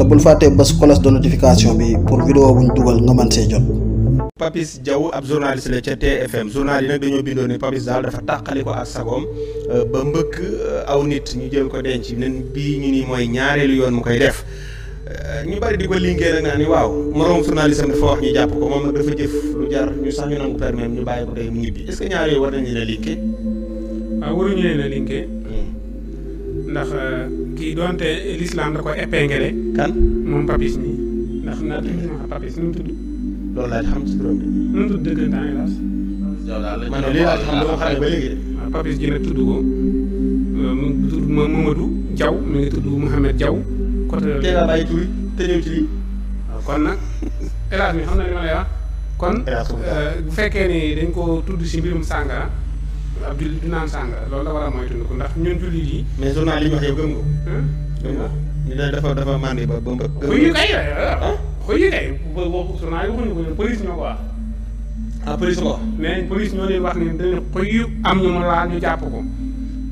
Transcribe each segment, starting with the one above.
te bul fàttee bés cloche de notification bi pour vidéo buñ dugal nga mën see jot. Papis Diaw ab journaliste la ca TFM journal yi nag dañoo bindoon ne Papis daal dafa tàqali ko ak sagoom euh, ba mbëkk euh, aw nit ñu jël ko denc nen bii ñu ni mooy ñaareelu yoon mu koy def euh, ñu bari di ko liggéey nag naa ni waaw moroom journaliste am dafa wax ñu jàpp ko moom nag dafa jëf lu jar ñu sax ñu nangu permettre ñu bàyyi ko day mu ñibbi est-ce ñaar yooyu war nañu leen a liggéey. waaw ah, waruñu ndax euh, kii donte l'islam da ko épinglé. kan moom papis mi ndax na papis nu mu tudd. loolu laaj xam si turam bi. nu mu xam ne ba léegi ah, papis ji tudd ko euh, mu tudd Mamadou Diaw mi ngi tudd Mouhamed Diaw. côté teel bàyyi tuuti te ñëw ci ah, kon nag hélas mi xam na li ma lay wax. kon euh, bu fekkee ni dañ ko tudd si mbirum sàngara. ab jullit du loolu la war a ko ndax ñun jullit yi. mais journal li ñu wax yow gëm nga ko. gëm nga ko ñu ne dafa dafa màndi ba ba mu. xuy yu kay ah, ah. boo journal yi ko police ñoo ko wax. ah police ko. mais police ñoo leen wax ne dañu xuy am ñu mu jàpp ko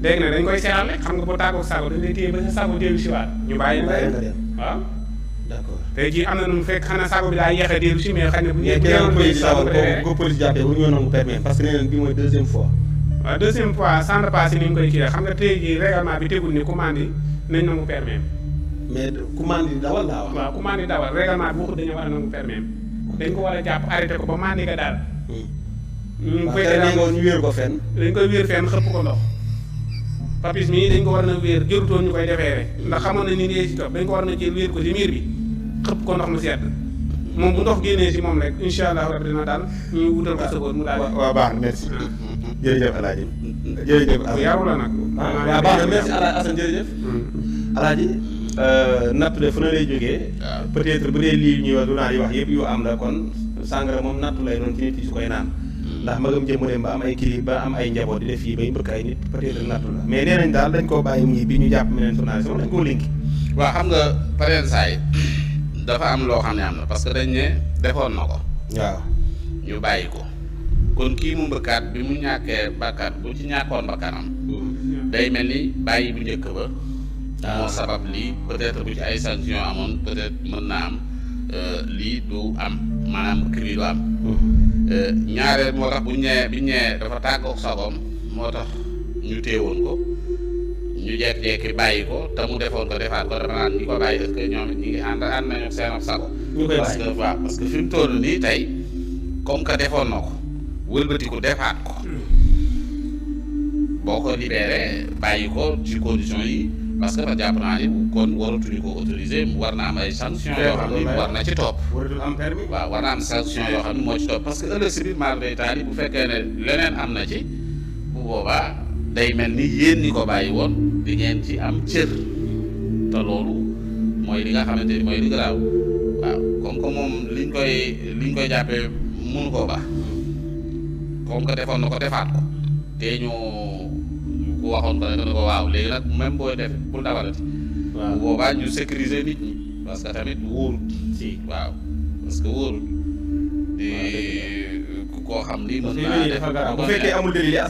léegi nag dañ koy seexal xam nga boo tàggoog sago dañ lay téye ba sa sago dellu si waat ñu bàyyi nga dem waaw. d'accord tey jii am na nu fekk xanaa sago bi daa yéex a dellu si mais xëy na bu ñu. mais teewul parce que nee nañ waaw euh, deuxième fois centre pass yi ni ñu koy kiiyee xam nga tey jii règlement bi tegul ni commande yi nañ nangu permis mais commande yi dawal laa wax. waaw commande dawal règlement bi waxut dañoo war a nangu permis a jàpp arrêté hmm. koy wéer fenn. xëpp ko ndox. papis mii dañ ko war na wéer jërutoon ñu koy defee ndax xamoon na ni dee ci topp dañ ko war na jël wéer ko ci miir bi xëpp ko ndox mu sedd moom bu ndox génnee ci moom rek incha allah dina daal ñu wutal ko mu daal. waaw waaw baax merci. Ah. jërëjëf El Hadj. jërëjëf Assane yow la nag. Ah, waaw na merci mm-hmm. euh, de fu na lay jógee. peut-être bu dee lii ñuy wax du naan yi wax yëpp yu am la kon sàngara moom nattu lay doon ci nit yi su koy naan. Mm-hmm. ndax magam jëmm dem ba am ay kili ba am ay njaboot di def fii bay mbëkk ay nit peut-être nattu la mais nee nañ daal dañ koo bàyyi muy bi ñu jàpp meneen journaliste moom dañ koo linki. waaw xam nga pareen saay dafa am loo xam ne am na parce que dañ ne defoon na ko. waaw ñu bàyyi ko. kon kii mu mbëkkaat bi mu ñàkkee bakkaat bu ci ñàkkoon bakkanam day mel ni bàyyi bu njëkk ba ah. moo sabab lii peut bu ci ay sanction amoon peut mën naa am euh, lii du am maanaam mbëkk bi du am mm-hmm. euh, ñaareel moo tax bu ñëwee bi ñëwee dafa tàggook sagoom moo tax ñu téewoon ko ñu jekk-jekki bàyyi ko te mu defoon ko defaat ko dama naan ñi ko bàyyi est-ce que ngi ànd ànd nañu seen sago parce que waaw parce que fi mu nii tey comme que defoon na ko wëlbatiku defaat ko boo ko libéré bàyyi ko ci condition yi parce que man jàpp naa ni kon waratuñu ko autoriser war na am ay sanction yoo xam ni war na ci topp waaw war na am sanction yoo xam ne moo ci topp parce que ëllëg si biir maar day taal bu fekkee ne leneen am na ci bu boobaa day mel ni yéen ñi ko bàyyi woon di ngeen ci am cër te loolu mooy li nga xamante ni mooy li garaaw waaw comme que moom liñ koy liñ koy jàppee mënu ko baax comme nga defoon na ko defaat ko te ñu ku waxoon ko ne dana ko waaw léegi nag même booy def bu boobaa ñu sécuriser nit que tamit wóorut. waaw parce que wóorut. koo xam ni mën naa def bu fekkee amul délai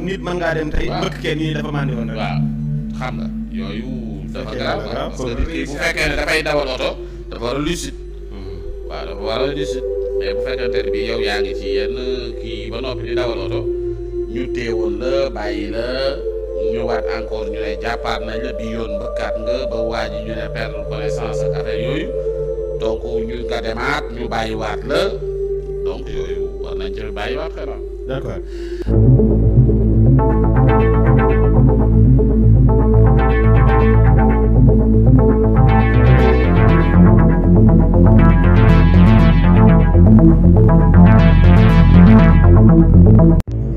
li ngaa dem tey bëgg kenn dafa màndi woon rek. xam nga yooyu. dafa grave parce que bu fekkee ne dafay dawal oto dafa war a lucide. Hmm. mais bu fekkante ne yow yaa ngi ci yenn kii ba noppi di dawal oto ñu téewoon la bàyyi la ñëwaat encore ñu ne jàppaat nañ la bi yoon mbëkkaat nga ba waa ji ñu ne perdre connaissance ak yooyu donc ñu nga demaat ñu bàyyiwaat la donc yooyu war nañ ci bàyyiwaat xel d'accord